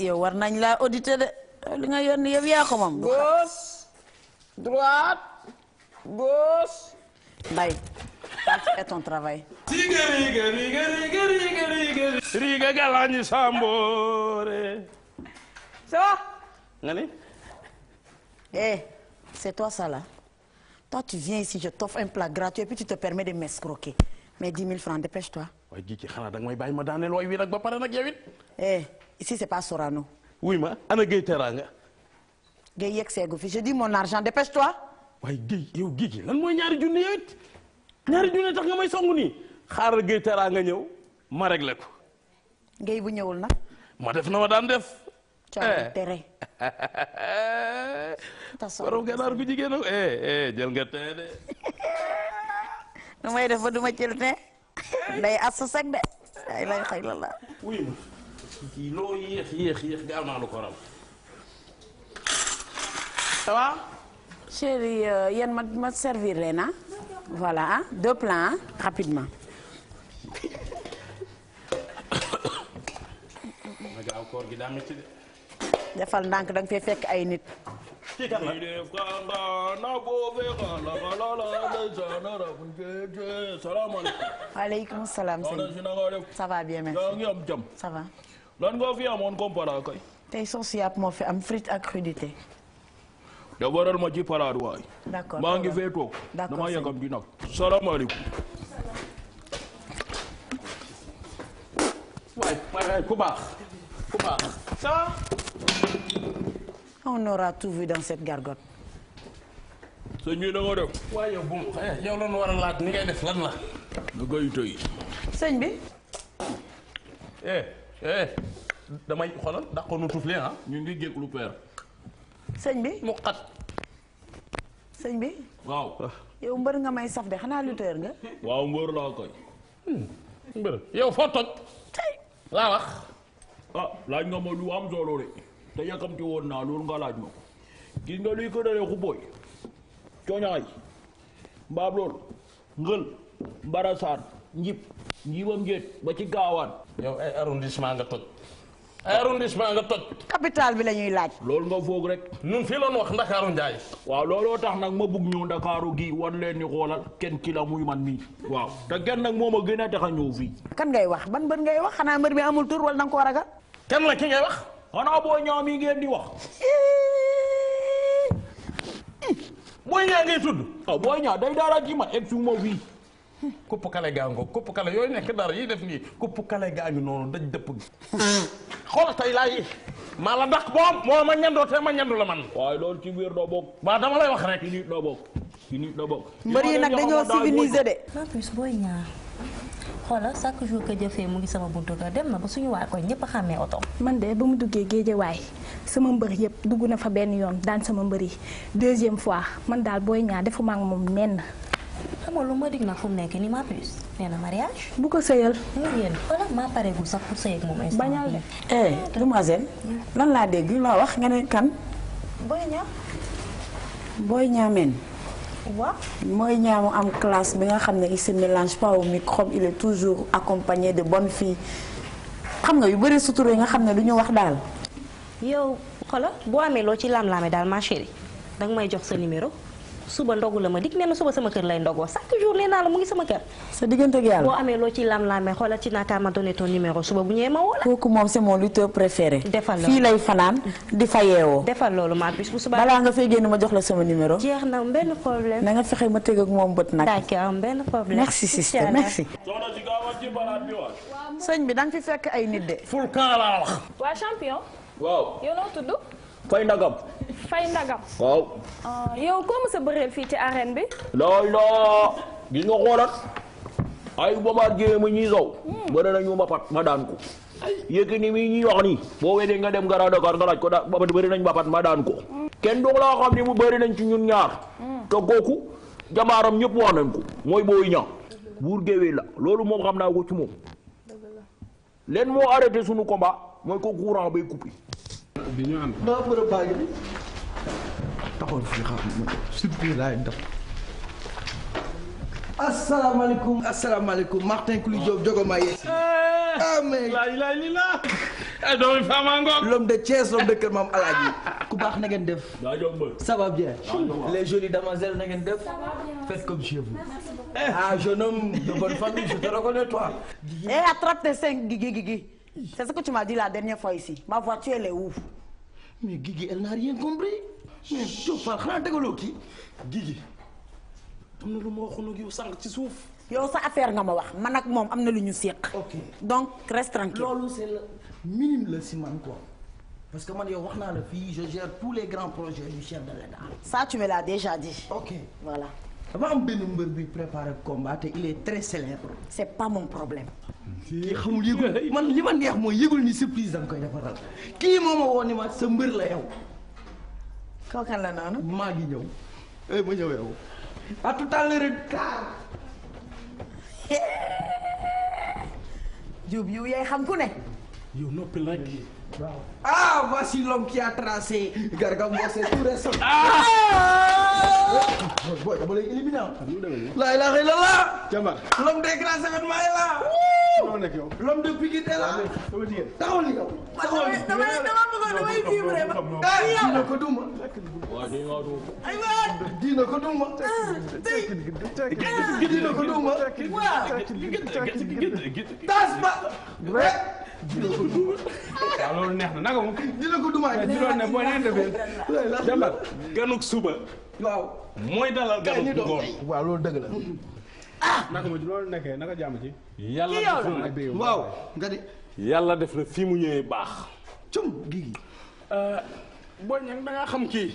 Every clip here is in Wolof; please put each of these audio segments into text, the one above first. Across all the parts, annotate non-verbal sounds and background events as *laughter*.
yow war nañ laa audité de li nga yónni yow yaa ko moom. gauche droite gauche. Bye. Fais ton travail. Riga riga riga riga riga riga riga galañi sambore. Ça va? Nani? Eh, c'est toi ça là. Toi tu viens ici, je t'offre un plat gratuit et puis tu te permets de m'escroquer. Mais 10 000 francs, dépêche-toi. Waaye ji ci xanaa da nga may bàyyi ma daaneel waay wi nag ba pare nag yow it. Eh. ici c'est pas Sorano. oui ma ana Guèye Teranga. Guèye yegg seegu fi je mon argent dépêche-toi. waaye Guèye yow Guèye lan mooy ñaari junni yow it ñaari junni tax nga may songu nii xaaral Guèye Teranga ñëw ma réglé ko. Guèye bu ñëwul nag. ma def na ma daan def. coono eh. tere. *laughs* tasaare borom gànnaar gu jigéen ak eh, eh jël nga tee de. *laughs* nu def ba du ma jël ne. *laughs* day as sag de. ay lay xëy la la. loo yéex yéex yéex gaaw naa lu ko raw ça va. chérie euh, yéen ma ma servir leen ah voilà ah, deux plats ah, rapidement. ma *coughs* gaaw koor gi daa métti de. defal ndànk da nga fee fekk ay nit. kii kan la salaamaaleykum. waaleykum salaam sëñ bi. ça va bien merci. ça va. lan nga fi amoon compara kay. tey sauce yàpp moo fi am frite ak crudité. da waral ma ci paraat waay. maa ngi fee toog. d'accord dama di nag. salaamaaleykum. waay waay bi na nga eh, yow lan war a ni ngay def lan la. na ngay tey. sëñ bi. eh eh. damay xoolal dàqoon nu tuuflee ah ñu ngi jël lu peer. sëñ bi mu xat. sëñ bi. waaw. yow mbër nga may saf de xanaa lutteur nga. waaw mbër hmm, yow foo toj. tey laa wax. ah laaj nga ma lu am solo de te yàkkamti woon naa loolu nga laaj ma ko gis nga luy ko xubooy coñaay mbaab loolu ngël mbarasaan njib njibam njéet ba ci gaawaan yow ay eh, arrondissement nga toj arrondissement nga toj. capital bi la ñuy laaj. loolu nga foog rek. ñun fii la ñu wax Ndakaaru Njaay. waaw looloo tax nag ma bugg ñëw Ndakaaru gi wan leen ni xoolal kenn ki la muy man mii waaw te kenn nag moo ma gën a tax a kan ngay wax ban ngay wax xanaa mbër bi amul tur wala na nga koo ragal. kenn la ki ngay wax. xanaa boo ñaaw mi ngeen di wax. booy ñaa ngay tudd. waaw ah, booy ñaa day dara ci man egg fi ma fii. kupp kale gaa ngoog kupp kale yooyu nekk dara yi def nii kupp kale gaa ngi noonu daj dëpp gi. xool tey laay maa la dàq boobu moo ma ñandoo te ma ñandu la man. waaye loolu ci biir doo bokk. waaw dama lay wax rek. ci nit doo bokk ci nit doo bokk. mbër yi nag dañoo civilisé de. en plus booy ñaar xoolal chaque jour que jëfee mu ngi sama buntu kër dem na ba suñu waay koy ñëpp a xàmmee oto. man de ba mu duggee géejewaay sama mbër yëpp dugg na fa benn yoon daan sama mbër yi deuxième fois man daal booy ñaar defuma ak moom nenn xam lu ma dig nag fu mu nekk ni ma plus nee na mariage. bu ko sëyal. muy yéen wala sax pour sëy ak moom. bañal eh, demoiselle. lan laa dégg la wax nga ne kan. booy ñaam. booy ñaameen. waaw mooy ñaamu am classe bi nga xam ne il se mélange pas microbe il est toujours accompagné de bonnes filles xam nga yu bëri sutura yi nga xam ne du wax daal. yow xoolal boo amee loo ci lam-lame daal marché chérie danga may jox sa numéro. suba ndogu la ma dikk nee na suba sama kër lay ndogoo chaque jour nee naa la mu ngi sama kër. sa diggante ak yàlla boo amee loo ci lam-lamee xoolal ci naka ma donné ton numéro suba bu ñëwee ma woo la. kooku moom c'est mon lutteur préféré. loolu fii lay fanaan di fa yeewoo. defal loolu maa bis bu subaa. balaa nga fay génn ma jox la sama numéro. jeex na am benn problème. na nga ma teg ak moom bët nag. d'accord am benn problème. merci sister merci. bi da nga fi fekk ay nit de. ful kan laa wax. waa champion. waaw yow noo fay ndagam. waaw. Ah, yow koo mës a bëreel fii ci arène bi. looy loo gis nga xoolat ay Bombardier ma ñuy sow. Hmm. bëri nañu mbapat ma daan ko. Yékini mi ñuy wax nii. boo weddee nga dem Grand Dakar nga laaj ko da mbapat bëri nañ mbapat ma daan ko. Hmm. kenn du laa xam ni mu bëri nañ ci ñun ñaar. Hmm. te kooku jamaaram ñépp wax nañ ko. mooy boo ña. buur géwél la loolu moom xam naa ko ci moom. leen moo arrêté sunu combat mooy ko courant bay coupé. bi taxoon fi xam surprise def asalaamaaleykum asalaamaaleykum Martin Kuli Diop Jogoma yees. Eh, ah, amee laa ilaaha illallaah. Eh, doomi de Thiès l'homme de Kër Maam Alaaji. ku baax na ngeen def. ça va bien. les jolies demoiselles na def. faites comme chez vous. Eh, ah jeune de bonne famille je te reconnais toi. eh attrape tes cinq Guigui Guigui. c'est ce que tu m'as dit la dernière fois ici ma voiture elle est mais Guigui elle n'a rien compris. mais Diop Fall xanaa dégaloo kii Guigui am na lu ma waxoon ak yow sànq ci suuf. yow sa affaire nga ma wax man ak moom am na lu ñu séq. ok donc reste tranquille. loolu c'est le minimum man quoi parce que man yow wax naa la fii je gère les grands projets du chef de l'État. ça tu dama am benn mbër bi préparé combat te il est très problème. kii xamul yëgul li ma neex mooy yëgul ni surprise da nga koy defaral moom a woo ni ma sa mbër la yow. kooku kan la noonu. maa ngi ñëw. eh ma ñëw yow. à tout à l'heure Diop yow yaay xam ku ne. yow noppi rek. waaw ah voici l'homme a tracé Garga Mbossé tout récent. ah. booy boo lay la ilaha illallah. jàmbaar l'homme des grands événements loolu nekk yow. l'homme de Pikine est là. dama jigéen taxawal li yow. taxawal li dama dama bëggoon damay vivre ma. diina ko duma. aywa. diina ko duma. tey. diina ko duma. waaw. tas ba. mais. diina ko duma. waaw loolu neex na naka moom. diina ko duma. diina ne boo nee defee. jàmbar ganuk suba. waaw. mooy dalal ganuk ngoon. waaw loolu dëgg la. ah naka ma ci loolu nekkee naka jàmm ci. yàlla def la waaw nga de. na fii mu ñëwee baax. cum gii. Euh, booy ña da xam kii.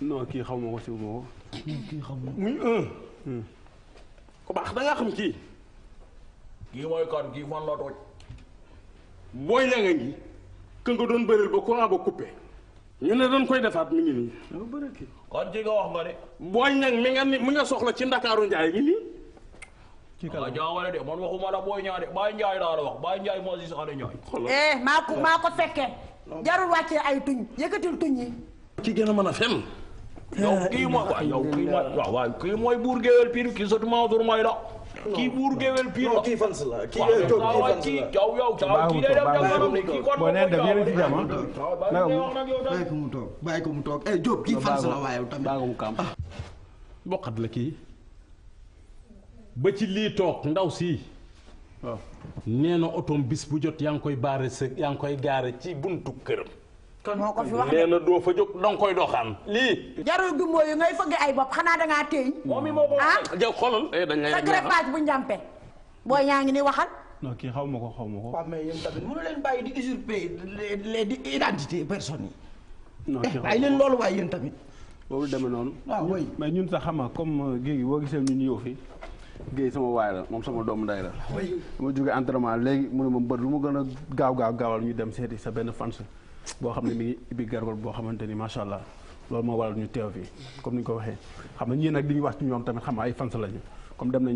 non kii xaw ma ko si ma xaw ma ko muy hmm. baax da xam kii. kii mooy kon kii fan la toj. booy ña nga ngi. ka nga doon bëreel ba courant ba coupé. ñu ne doon koy defaat mu ngi nii. kon ci wax nga de. booy ñang mi nga ni mi soxla ci ndakaaru njaay gi nii. ci kàlla ah, jaawale de man waxuma la booy ñaa de bàyyi njaay laa la wax bàyyi njaay moo si sax de ñooy. eh maa ko maa ko fekkee. jarul ay tuñ yëkkatil tuñ yi. ci gën a mën a fen. yow kii mooy waaw yow kii mooy waaw kii mooy buur géwél pire kii sotti maa tur kii buur géwél pire kii fan la kii kii la waaye tamit bàyyi ko mu kàmp eh, ah. boqat la kii ba ci lii toog ndaw sii waaw nee na otom bis bu jot yaa ngi koy baare sa yaa ngi koy gaare ci buntu këram kon moo ko fi wax nee na doo fa jóg danga koy doxaan lii. jarul gi ay bopp xanaa da moo ko ah eh, dañ lay sa ah. bu njàmpe booy ñaa ngi ni waxal. non kii xaw ma ko xaw ma ko. waaw mais yéen tamit mënu leen bàyyi di usurper les di identité personne yi. non eh, loolu waaye yéen tamit. boobu demee noonu. waaw ah, oui mais ñun sa xama comme géej euh, gi boo gisee ñun yow fi Guèye sama waay la moom sama doomu nday la. Ah, oui ma jógee entraînement léegi mu ne ma mbër lu ma gën a gaaw gaaw gaawal ñu dem seeti sa benn fans boo xam ne mi ngi ubbi boo xamante ni macha allah loolu moo waral ñu teew fii comme ni ñu ko waxee xam na ñii nag di ñu wax ci ñoom tamit xam nga. da oh, eh, ngeen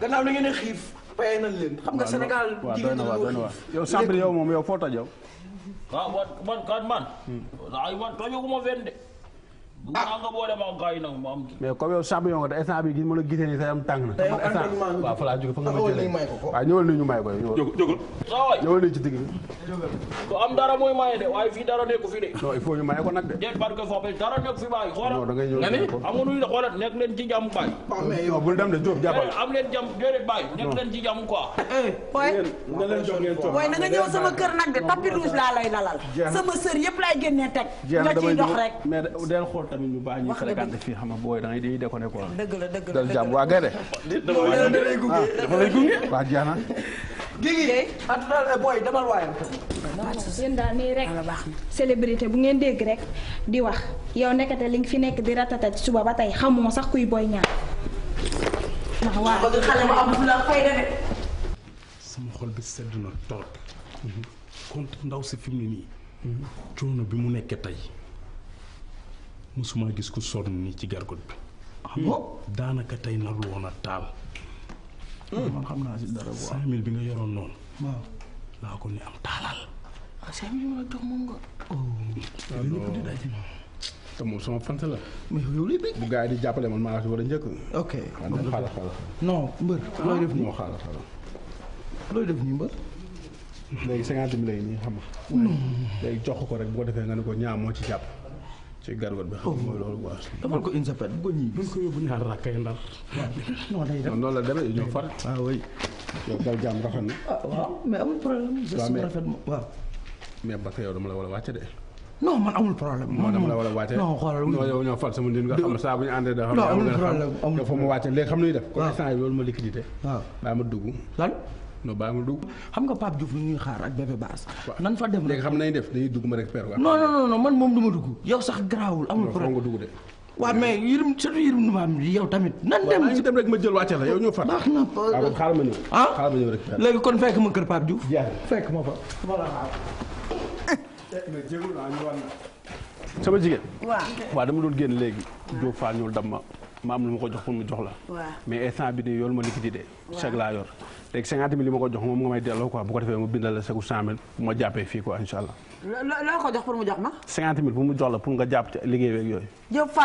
a da ngeen a xiif payee nañ leen. xam nga Sénégal jigéen ñi dañoo xiif yow Samb yow moom yow foo toj yow. ah man man man. Hmm. ay man tojaguma de. ah mais comme yow champion nga te instant bii gis ma la gisee nii sa yaram tàng na. waaw fa laa jóge fa nga ma jëlee waaw ñëwal ni ñu may ko. saa waay. ñëwal nañ ci digg bi. ku am dara mooy maye de waaye fii dara nekku fi de. non il faut ñu maye ko nag de. déet parce que foofu dara nekk fi baay xoolal. non da ngay ñëw amuñu la xoolal nekk leen ci jàmm baay. mais yow bul dem de Diop jàppal. Eh, am leen jàmm déedéet baay nekk leen ci jàmm quoi. Eh, booy booy na nga ñëw sama kër nag de tapis rouge laa lay lalal. sama sër yëpp laay génnee teg. nga ciy dox rek mais del xool tamit ñu baax ñu fréquenté fii xam nga booy da ngay di déconné quoi. dëgg la dëgg la dëgg la jàmm waa gay de. dafa lay gunge waa jaana Guigui a booy demal waayam. yéen daal nii bu ngeen dégg rek di wax yow nekkate li nga fi nekk di ratata suba ba tey xamoo sax kuy booy ñaar. sama xol bi sedd na torop contre ndaw si fi mu ne bi mu nekk tey mosuma gis ku sonn ni ci gargot bi. xam ah nga daanaka tey nar woon taal. Hmm. man xam naa si dara bu baax. 5000 bi nga yoroon noonu. waaw naa ko ni am taalal. ah 5000 ma jox moom nga. Oh. Ah, te moom sama la. bu gars yi di jàppale man maa si war a njëkk. ok ah, xaaral xaaral. non mbër. looy def ah, nii non xaaral mbër. léegi cinquante mille yi nii xam nga. léegi jox ko rek bu ko defee nga ne ko ñaa moo ci jàpp. ci gargot bi xam mooy loolu quoi. damal ko une sapette bu ko ñii. bu ñu ko yóbbu ñaar rakk yi ndar. noonu la demee ñoo far. ah oui. yow dal jàmm rafet na. ah waaw mais amul problème. waaw mais rafet ma waaw. mais Bakka yow a wàcce de. non man amul problème. a wàcce. non xoolal non yow ñoo far sama nit nga xam ne saa bu ñu àndee da xam ne amul def. waaw kon instant yii loolu lan. non baa ngi dugg. xam nga Pape Diouf lu ñuy xaar ak bébé baas. nan fa dem léegi xam nañ def dañuy dugg ma rek père. non non non man moom du ma dugg. yow sax garaawul amul problème non dugg de. waa mais yërëm surtout yërëm nu ma am yow tamit. nan dem waaw dem rek ma jël wàcce la yow ñëw fa. baax na waaw ah, xaaral ma ñëw. ah xaaral ma ñëw rek. léegi kon fekk ma kër Pape Diouf. fekk ma fa. sama jigéen. waaw waaw dama doon génn léegi. Diop Fall ñuul dam ma ma am lu ma ko jox pour mu jox la mais instant bi nii yoolu ma liquidité chèque laa yor léegi cinquante mille li ma ko jox moom nga may delloo ko defee ma bindal la chèque cent mille bu ma jàppee fii quoi incha allah loo ko jox pour mu jox ma cinquante mille pour mu jox nga jàpp ci liggéey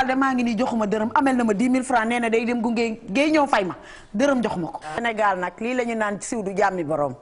na ma dix mille francs nee na day dem gunge ngay ñëw fay ma dërëm jox ma ko Sénégal nag lii la naan siw du jàmmi borom